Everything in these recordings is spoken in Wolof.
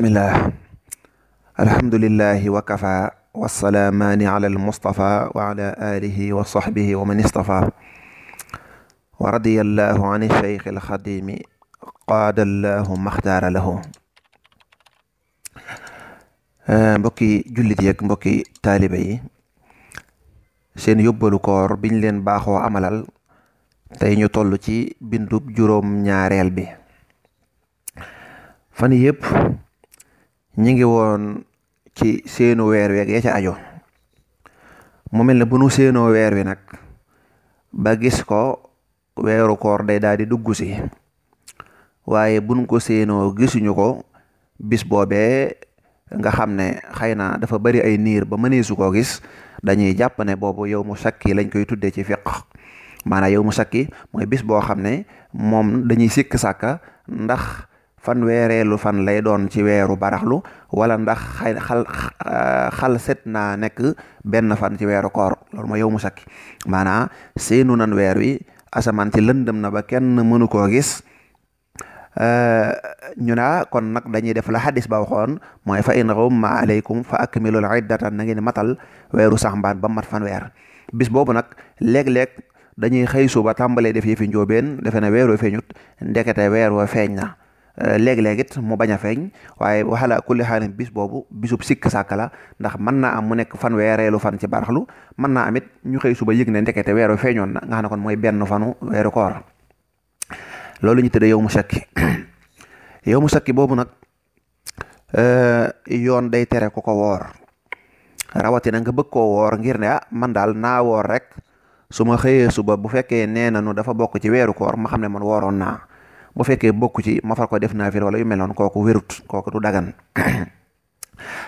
bismillah alhamdulillahi wa kafa wasalaamaani ala almustafa wa ala wa sahbihi wa man an alcheikh alxadimi qaadallahu maxtaara lahu eh, mbokki jullit yeeg mbokki seen yóbbalu biñ leen baaxoo amalal tey ñu toll ci bindub juróom ñaareel bi fan ñu ngi woon ci seenu weer wi ak ya ca aju mu mel ne bu nu seenoo weer wi nag ba gis ko weeru koor day daal di dugg si waaye buñ ko seenoo gisuñu ko bis boobee nga xam ne xëy na dafa bari ay niir ba mëneesu koo gis dañuy jàpp ne boobu yow mu sakki lañ koy tuddee ci fiq maanaam yow mu sakki mooy bis boo xam ne moom dañuy sikk sàkka ndax fanweereelu fan lay doon ci weeru baraxlu wala ndax xay xal set na nekk benn fan ci weeru koor loolu mooy yow mu sakki maanaam seenu nan weer wi asamaan ci lëndëm na ba kenn mënu koo gis ñu naa kon nag dañuy def la xadis ba waxoon mooy fa in ghumma aleykum fa akmilul iddatan na ngeen matal weeru saxmbaan ba mat fan weer bis boobu nag léeg-léeg dañuy xëy suba tàmbalee def yëfi njóobeen defe na weero wa feeñut ndekete weer wa feeñ na léeg-léeg it mu bañ a feeñ waaye waxalaa kulli xaalim bis boobu bisub sikk sàkk la ndax mën naa am mu nekk fan weereelu fan ci baraxlu mën naa amit ñu xëy suba yëg ne te weeru feeñoon na nga xam ne kon mooy benn fanu weeru koor loolu ñu tëddee yow mu sakki yow mu sakki boobu nag eh, yoon day tere ku ko woor rawatina nga bëgg koo woor ngir ne ah man daal naa woor rek su ma xëyee suba bu fekkee nee nu dafa bokk ci weeru koor ma xam ne man wooroon naa bu fekkee bokku ci ma far ko def naafila wala yu mel noonu kooku wérut kooku du dagan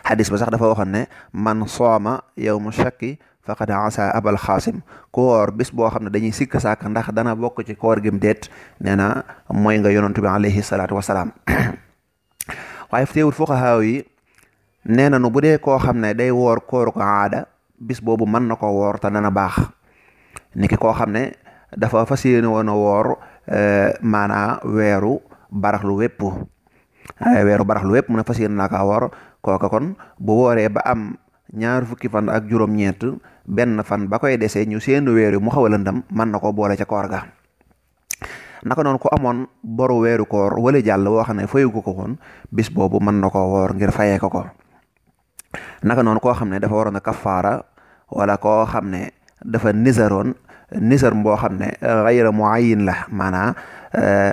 xadis ba sax dafa waxoon ne man sooma yow mu shakki faqad asa abal xaasim koor bis boo xam ne dañuy sikk sàkk ndax dana bokk ci koor gim deet nee na mooy nga yonantu bi alayhi salaatu wasalaam waaye teewul fuqahaa yi nee na nu bu dee koo xam ne day woor kooru ko bis boobu mën na ko woor baax niki koo xam ne dafa fas yéene woon a woor Eh, maanaa weeru baraxlu wépp eh, weeru baraxlu wépp mu ne fas yéene naa kaa woor kooka kon bu wooree ba am ñaar fukki fan ak juróom-ñeent benn fan ba koy desee ñu seen weeru yi mu xaw a lëndam mën na ko boole ca koor ga naka noonu ko amoon boru weeru koor wala jàll woo xam ne fayu ko ko bis boobu mën na koo woor ngir fayee ko ko naka noonu koo xam ne dafa waroon a kafaara wala koo xam ne dafa nisaroon nisar boo xam ne xayra euh, muayin la maanaam euh,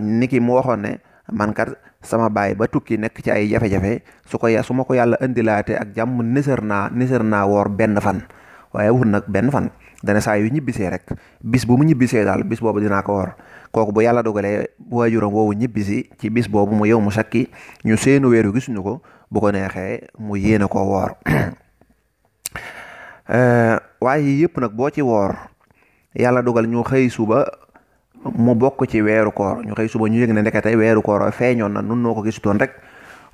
ni ki mu waxoon ne mankat sama baay ba tukki nekk ci ay jafe-jafe su ko su ma ko yàlla indilaate ak jàmm nisar naa nisar naa woor benn fan waaye wut nag benn fan dene saa yu ñibbisee rek bis bu mu ñibbisee daal bis boobu dinaa ko woor kooku bu yàlla dogalee waajuram woowu ñibbisi ci bis boobu mu yow mu sakki ñu seenu weeru gisuñu ko bu ko neexee mu yéene ko woor euh, waaye yëpp nag boo ci woor yàlla dogal ñu xëy suba mu bokk ci weeru koor ñu xëy suba ñu yëg ne tey weeru koor feeñoon na nun noo ko gisutoon rek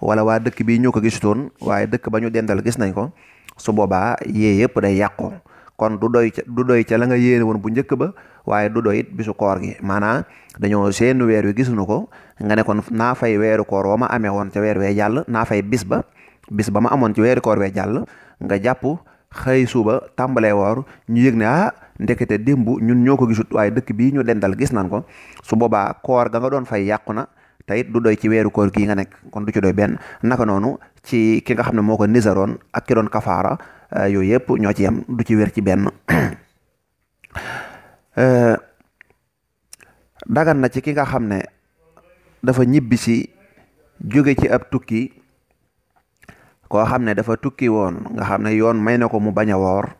wala waa dëkk bii ñoo ko gisutoon waaye dëkk ba ñu dendal gis nañ ko su boobaa yee yëpp day yàqoo kon du doy ca du doy ca la nga yéene woon bu njëkk ba waaye du doy it bisu koor gi maanaam dañoo seen weer wi gisuñu ko nga ne kon naa fay weeru koor wa ma amee woon ca weer wee jàll naa fay bis ba bis ba ma amoon ci weeru koor wee jàll nga jàpp xëy suba tàmbalee woor ndekete démb ñun ñoo ko gisut waaye dëkk bii ñu dendal gis nan ko su boobaa koor ga nga doon fay yàqu na te it du doy ci weeru koor gii nga nekk kon du ci doy benn naka noonu ci ki nga xam ne moo ko nisaroon ak ki doon euh, yooyu yëpp ñoo ci yem du ci wér ci benn euh, dagan na ci ki nga xam ne dafa ñibbisi jóge ci ab tukki koo xam ne dafa tukki woon nga xam ne yoon may na ko mu bañ a woor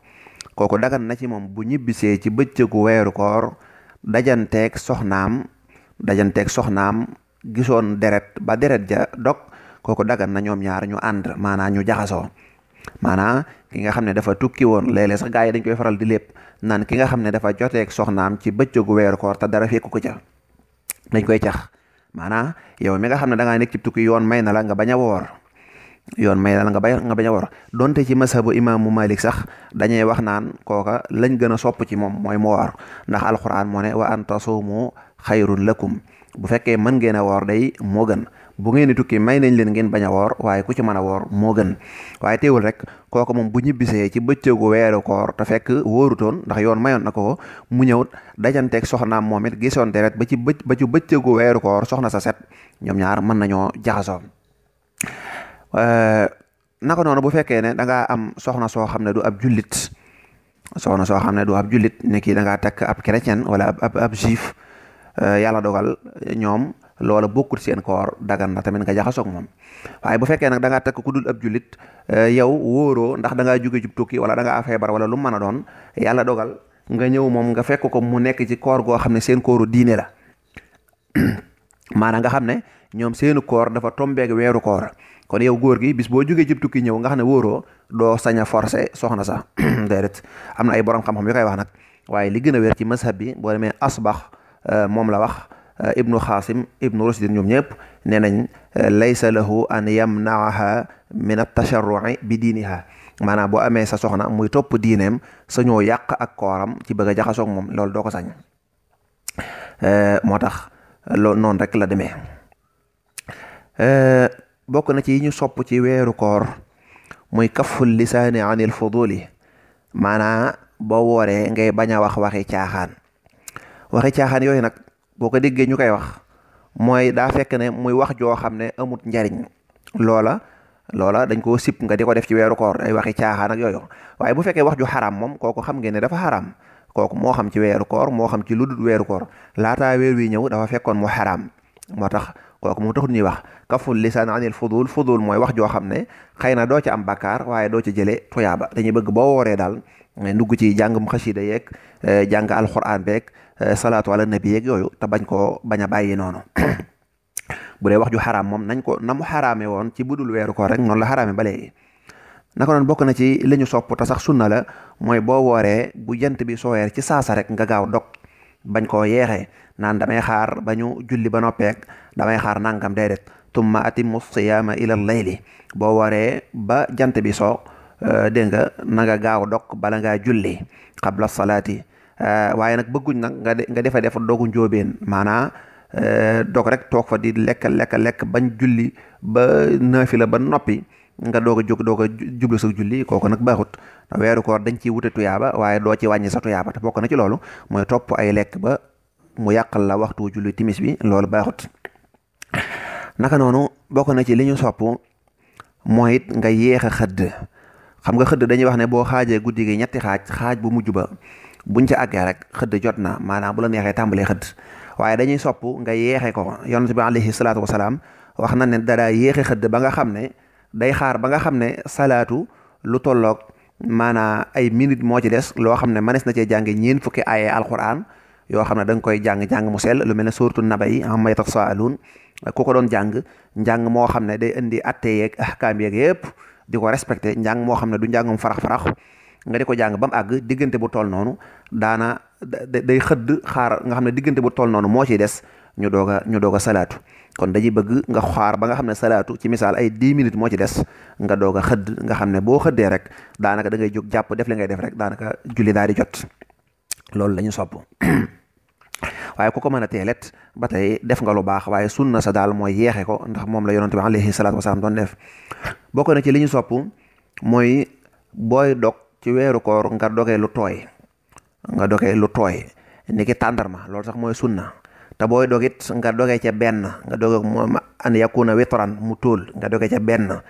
kooku dagan na ci moom bu ñibbisee ci bëccëgu weeru koor dajanteeg soxnaam dajanteeg soxnaam gisoon deret ba deret ja dog kooku dagan na ñoom ñaar ñu ànd maanaa ñu jaxasoo maanaa ki nga xam ne dafa tukki woon léeg-léeg sax gaa yi dañ koy faral di lépp naan ki nga xam ne dafa joteeg soxnaam ci bëccëgu weeru koor te dara fekku ko ca dañ koy cax maanaa yow mi nga xam ne danga ngaa nekk ci tukki yoon may na la nga bañ a woor yoon may dal nga bay nga bañ a donte ci masabu imaamu maalik sax dañuy wax naan kooka lañ gën a sopp ci moom mooy mu war ndax alquran moo ne wa an tasuumu xayrun lakum bu fekkee mën ngeen a woor day moo gën bu ngeen di tukki may nañ leen ngeen bañ a woor waaye ku ci mën a woor moo gën waaye teewul rek kooku moom bu ñibbisee ci bëccëgu weeru koor te fekk wóorutoon ndax yoon mayoon na ko mu ñëw dajanteeg soxnaam moom it gisoon te ba ci bëcc ba ci bëccëgu weeru koor soxna sa set ñoom ñaar mën nañoo jaxasoo Eh, naka noonu bu fekkee ne da ngaa am soxna soo xam ne du ab julit soxna soo xam ne du ab jullit ne kii da ngaa takk ab chrétien wala ab ab juif eh, yàlla dogal ñoom loola bokkul seen koor dagan na tamit nga jaxa soog moom waaye bu fekkee nag da ngaa takk ku dul ab jullit eh, yow wóoroo ndax da ngaa jóge jub tukki wala da ngaa feebar wala lu mu mën a doon yàlla dogal nga ñëw moom nga fekk ko mu nekk ci koor goo xam ne seen kooru diine la maanaam nga xam ne ñoom seenu koor dafa tombeek weeru koor kon yow góor gi bis boo jógee cib tukki ñëw nga xam ne wóoroo doo sañ a soxna sax déedéet am na ay boroom xam-xam yu koy wax nag waaye li gën a wér ci mazhab bi boo demee asbax euh, moom la wax euh, ibnu xaasim ibnu rushdin ñoom ñëpp nee nañ euh, laysa lahu an yamnaaha min at-tasharru'i bi diiniha maanaam boo amee sa soxna muy topp diineem sa yàq ak kooram ci bëgg a jaxasoog moom loolu doo ko sañ moo tax loolu noonu rek la demee bokk na ci yi ñu sopp ci weeru koor muy kaful lisaani anil fuduli maanaa boo wooree ngay bañ a wax waxi caaxaan waxi caaxaan yooyu nag boo ko déggee ñu koy wax mooy daa fekk ne muy wax joo xam ne amut njariñ loola loola dañ koo sip nga di ko def ci weeru koor ay waxi caaxaan ak yooyu waaye bu fekkee wax ju xaraam moom kooku xam ngeen ne dafa xaraam kooku moo xam ci weeru koor moo xam ci lu dul weeru koor laata weer wi ñëw dafa fekkoon mu xaraam moo tax kooku moom taxul ñuy wax kaful li anil fudul fudul mooy wax joo xam ne xëy na doo ci am bakkaar waaye doo ci jëlee tuyaaba dañuy bëgg boo wooree daal eh, ndugg ci jàngum xasida yeeg eh, jàng alquran beeg eh, salaat ala nabi yeeg yooyu te bañ koo bañ a bàyyi noonu bu dee wax ju xaraam moom nañ ko na mu xaraame woon ci bu dul weeru ko rek noonu la xaraame ba léegi naka noonu bokk na ci lañu ñu sopp te sax sunna la mooy boo wooree bu jant bi soo ci saasa rek nga gaaw dog bañ koo yeexee naan damay xaar ba ñu julli ba noppeeg damay xaar nangam déedéet tumma atimu siyaama ilal layli boo waree ba jant bi soo euh, dégg nga na nga gaaw dog bala ngaa julli qabla salaati euh, waaye nag bëgguñ nag nga nga defa def dogu njóobeen maanaa euh, dog rek toog fa di lekk lekk lekk bañ julli ba nafila ba noppi nga doog a jóg doog a jublu sa julli kooku nag baaxut weeru koo dañ ciy wute tuyaaba waaye doo ci wàññi sa tuyaaba te bokk na ci loolu mooy topp ay lekk ba mu yàqal la waxtu julli timis bi loolu baaxut naka noonu bokk na ci li ñu sopp mooy it nga yéex a xëdd xam nga xëdd dañuy wax ne boo xaajee guddi gi ñetti xaaj xaaj bu mujj ba buñ ca àggee rek xëdd jot na maanaam bu la neexee tàmbalee xëdd waaye dañuy sopp nga yéexe ko yonent bi alayhi salaatu wasalaam wax na ne dara yéexe xëdd ba nga xam ne day xaar ba nga xam ne salaatu lu tolloog maanaa ay minute moo ci des loo xam ne mënees na cee jànge ñiin fukki aaye alquran yoo xam ne da koy jàng-jàng mu sell lu mel ne suuratu naba yi amma yatasaaluun ku ko doon jàng njàng moo xam ne day indi atte yeeg ahkaam yeeg yëpp di ko respecté njàng moo xam ne du njàngum farax-farax nga di ko jàng ba mu àgg diggante bu toll noonu daana day xëdd xaar nga xam ne diggante bu toll noonu moo ciy des ñu doog a ñu doog a salaatu kon dañuy bëgg nga xaar ba nga xam ne salaatu ci misaal ay 10 minutes moo ci des nga doog xëdd nga xam ne boo xëddee rek daanaka da ngay jóg jàpp def li ngay def rek daanaka julli daal di jot loolu la ñu sopp waaye ku ko mën a teelet ba tey def nga lu baax waaye sunna sa daal mooy yeexe ko ndax moom la yonent bi alayhi salaatu wasalaam doon def bokk na ci li ñu sopp mooy booy dog ci weeru koor nga dogee lu tooy nga dogee lu tooy ni ki tàndarma loolu sax mooy sunna te booy dog it nga dogee ca benn nga dog moom an yakuna witran mu tóol nga dogee ca benn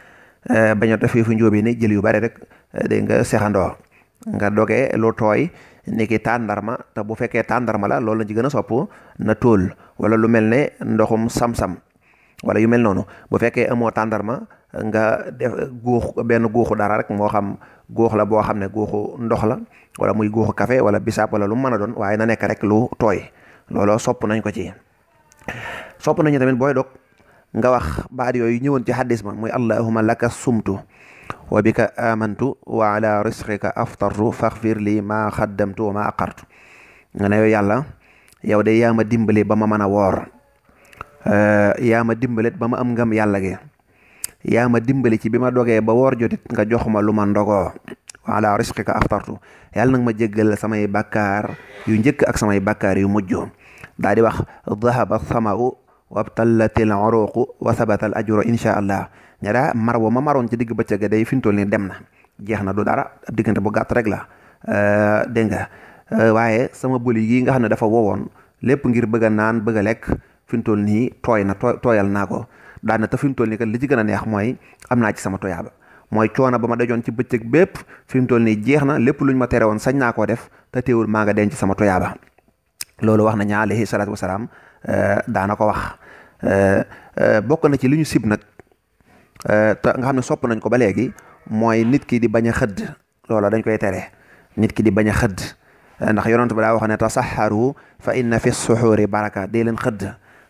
eh, bañ a def fu njóobi ni jël yu bari rek eh, dégg nga seexandoo nga dogee lu tooy ni ki tàndarma te bu fekkee tàndarma la loolu la ci gën a sopp na tool wala lu mel ne ndoxum sam-sam wala yu mel noonu bu fekkee amoo tàndarma nga def guux benn guuxu dara rek moo xam guux la boo xam ne guuxu ndox la wala muy guuxu café wala bisaab wala lu mën a doon waaye na nekk rek lu tooy looloo sopp nañ ko ci sopp nañu tamit booy dog nga wax baat yooyu ñëwoon ci xaddis ma muy allahuma laka sumtu wa bika amantu wa ala risqika aftartu faxfir li ma xaddamtu wa ma aqartu nga ne yow yàlla yow de yaa ma dimbali ba ma mën a woor eh, yaa ma dimbalit ba ma am ngam yàlla gi yaa ma dimbali ci bi ma dogee ba woor jotit nga jox ma lu ma ndogoo wa ala risqika aftartu yàlla nag ma jéggal samay bàkkaar yu njëkk ak samay bakkaar yu mujj daa di wax dahaba samau wabtallatil uruqu wa sabatal ajru insha allah ña daa ma maroon ci digg bëccëg ga day fintool ni dem na jeex na du dara ab bu gàtt rek la euh, dégg nga euh, waaye sama bëli yi nga xam ne dafa wowoon lépp ngir bëgg a naan bëgg a lekk fintool nii tooy na tooyal naa ko daan na te fintool nii kat li ci gën a neex mooy am naa ci sama toyaaba mooy coono ba ma dajoon ci bëccëg bépp fi mu toll nii jeex na lépp luñ ma tere woon sañ naa koo def te teewul maa nga denc sama toyaaba loolu wax na alayhi salaatu wasalaam euh, daana daanako wax euh, euh, bokk na ci li ñu sib nag te nga xam ne sopp nañ ko ba léegi mooy nit ki di bañ a xëdd loola dañ koy tere nit ki di bañ a xëdd ndax yonent ba daa wax ne tasaxaru fa inna fi suxuuri baraka dee leen xëdd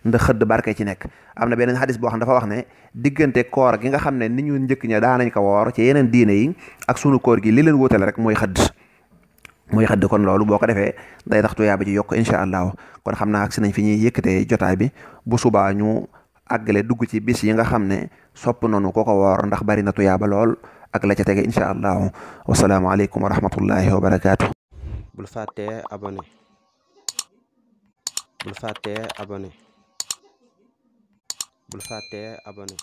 ndax xëdd barke ci nekk am na beneen xadis boo xam dafa wax ne diggante koor gi nga xam ne ni ñu njëkk ña daanañ ko woor ci yeneen diine yi ak sunu koor gi li leen wutale rek mooy xëdd mooy xëdd kon loolu boo ko defee day tax tuyaaba ci yokk incha allahu kon xam naa agsi nañ fi ñuy yëkkatee jotaay bi bu subaa ñu àggale dugg ci bis yi nga xam ne sopp nanu ko ko woor ndax bari na tuyaaba lool ak la ca tege incha allahu wasalaamaaleykum wa rahmatullahi wa barakaatu. bul fàttee abonné bul fàttee abonné. bul fàttee abonné